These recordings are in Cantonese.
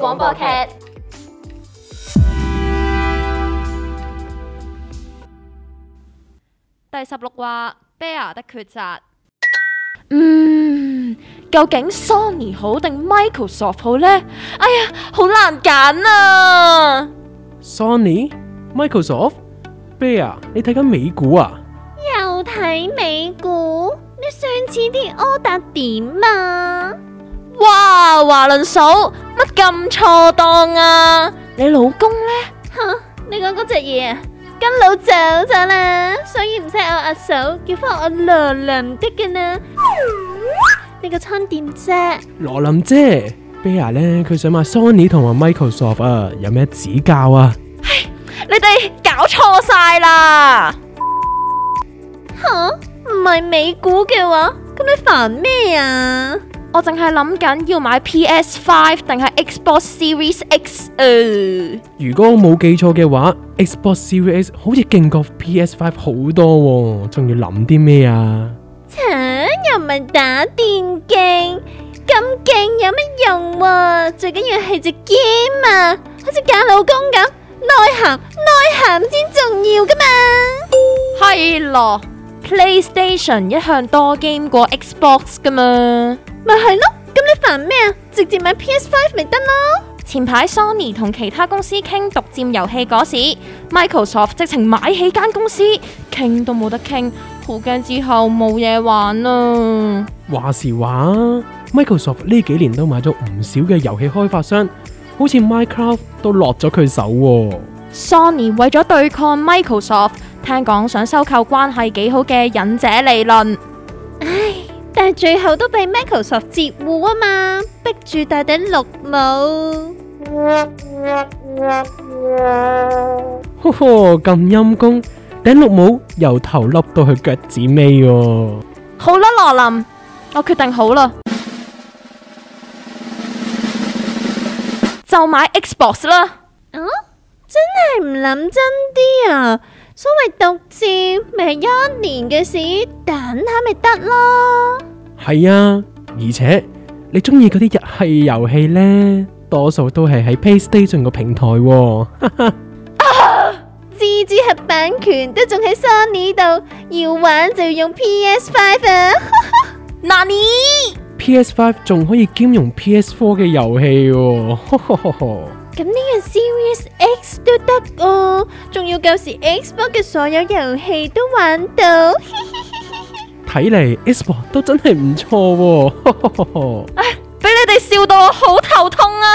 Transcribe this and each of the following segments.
廣播劇第十六話《啤牙的抉擇》。嗯，究竟 Sony 好定 Microsoft 好呢？哎呀，好難揀啊！Sony、Microsoft、啤牙，你睇緊美股啊？又睇美股？你上次啲柯達點啊？哇，華倫嫂！咁錯當啊！你老公呢？哼、啊，你講嗰隻嘢，跟老走咗啦，所以唔使我阿嫂叫翻我阿娘娘的噶、嗯、 呢，你個餐點啫？羅琳姐啤牙咧佢想買 Sony 同埋 Microsoft 啊，有咩指教啊？你哋搞錯晒啦！吓、啊，唔係美股嘅話，咁你煩咩啊？我淨係諗緊要買 PS5 定係 Xbox Series X 啊？如果我冇記錯嘅話，Xbox Series 好似勁過 PS5 好多，仲要諗啲咩啊？扯、啊、又唔係打電競咁勁，有乜用，啊？最緊要係隻 game 啊，好似揀老公咁，內涵內涵先重要噶嘛？係咯 ，PlayStation 一向多 game 過 Xbox 噶嘛。咪係咯，咁你煩咩啊？直接買 PS Five 咪得咯。前排 Sony 同其他公司傾獨占遊戲嗰時，Microsoft 直情買起間公司，傾都冇得傾，好驚之後冇嘢玩啊！話時話，Microsoft 呢幾年都買咗唔少嘅遊戲開發商，好似 Minecraft 都落咗佢手喎。Sony 為咗對抗 Microsoft，聽講想收購關係幾好嘅忍者理論，唉。但係最後都被 Michael 索截胡啊嘛，逼住戴頂綠帽。呵呵，咁陰功，頂綠帽由頭笠到去腳趾尾哦。好啦，羅琳，我決定好啦，就買 Xbox 啦。嗯，真係唔諗真啲啊！所謂獨佔咪係一年嘅事，等下咪得咯。係啊，而且你中意嗰啲日系遊戲呢，多數都係喺 PlayStation 個平台喎，哦。哈哈啊，蜘蛛俠版權都仲喺 Sony 度，要玩就要用 PS Five 啊。嗱，你 PS Five 仲可以兼容 PS Four 嘅遊戲哦。哈哈哈哈咁呢個 Series X 都得哦，仲要舊時 Xbox 嘅所有遊戲都玩到，嘻嘻嘻嘻，睇嚟 Xbox 都真係唔錯。 哎，俾你哋笑到我好頭痛啊！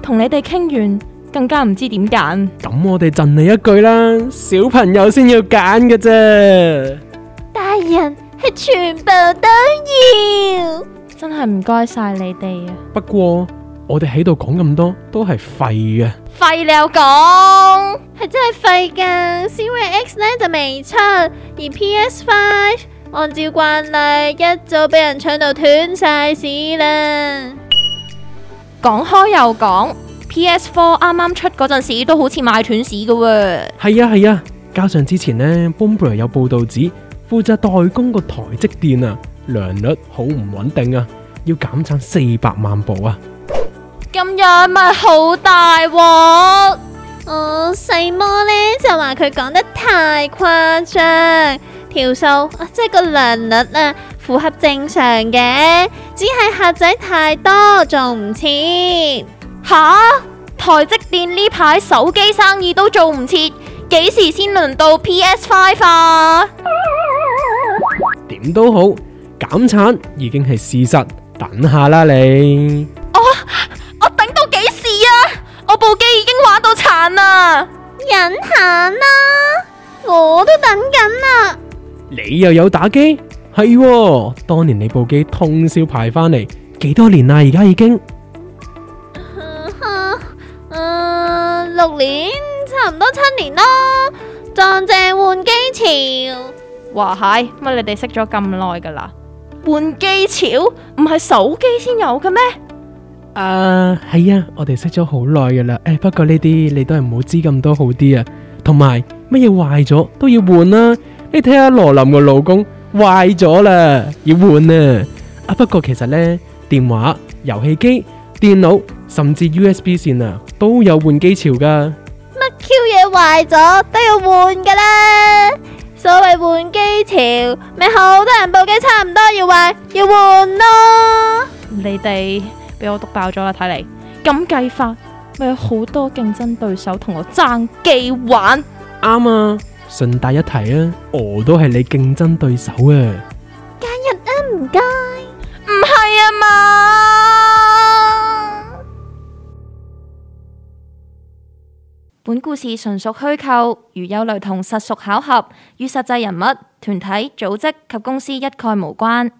同你哋傾完，更加唔知點揀。咁我哋贈你一句啦，小朋友先要揀㗎啫。大人係全部都要，真係唔該晒你哋啊。不過。我哋喺度講咁多都係廢嘅，廢了講係真係廢噶。Cry X 呢就未出，而 PS5 按照慣例一早俾人搶到斷晒市啦。講開又講，PS4 啱啱出嗰陣時都好似賣斷市噶喎。係啊係啊，加上之前呢，Bloomberg 有報道指負責代工個台積電啊，良率好唔穩定啊，要減產四百萬部啊。咁樣咪好大鑊？我、呃、細魔呢就話佢講得太誇張，條數、啊、即係個良率啊，符合正常嘅，只係客仔太多，做唔切。吓，台積電呢排手機生意都做唔切，幾時先輪到 PS5 啊？點都好，減產已經係事實，等下啦你。啊，忍下啦，我都等緊啦。你又有打機？係，當年你部機通宵排翻嚟，幾多年啦？而家已經，嗯，六年，差唔多七年咯。撞正換機潮，哇係，乜你哋識咗咁耐㗎啦？換機潮唔係手機先有嘅咩？啊，係啊，我哋識咗好耐噶啦。誒，不過呢啲你都係唔好知咁多好啲啊。同埋乜嘢壞咗都要換啦。你睇下羅琳個老公壞咗啦，要換啊。啊，不過其實呢，電話、遊戲機、電腦，甚至 USB 線啊，都有換機潮噶。乜 Q 嘢壞咗都要換噶啦？所謂換機潮，咪好多人部機差唔多要壞要換咯。你哋。俾我督爆咗啦！睇嚟，咁計法，咪有好多競爭對手同我爭機玩。啱、嗯、啊，順帶一提啊，我都係你競爭對手啊！今日啊唔該，唔係啊嘛！本故事純屬虛構，如有雷同，實屬巧合，與實際人物、團體、組織及公司一概無關。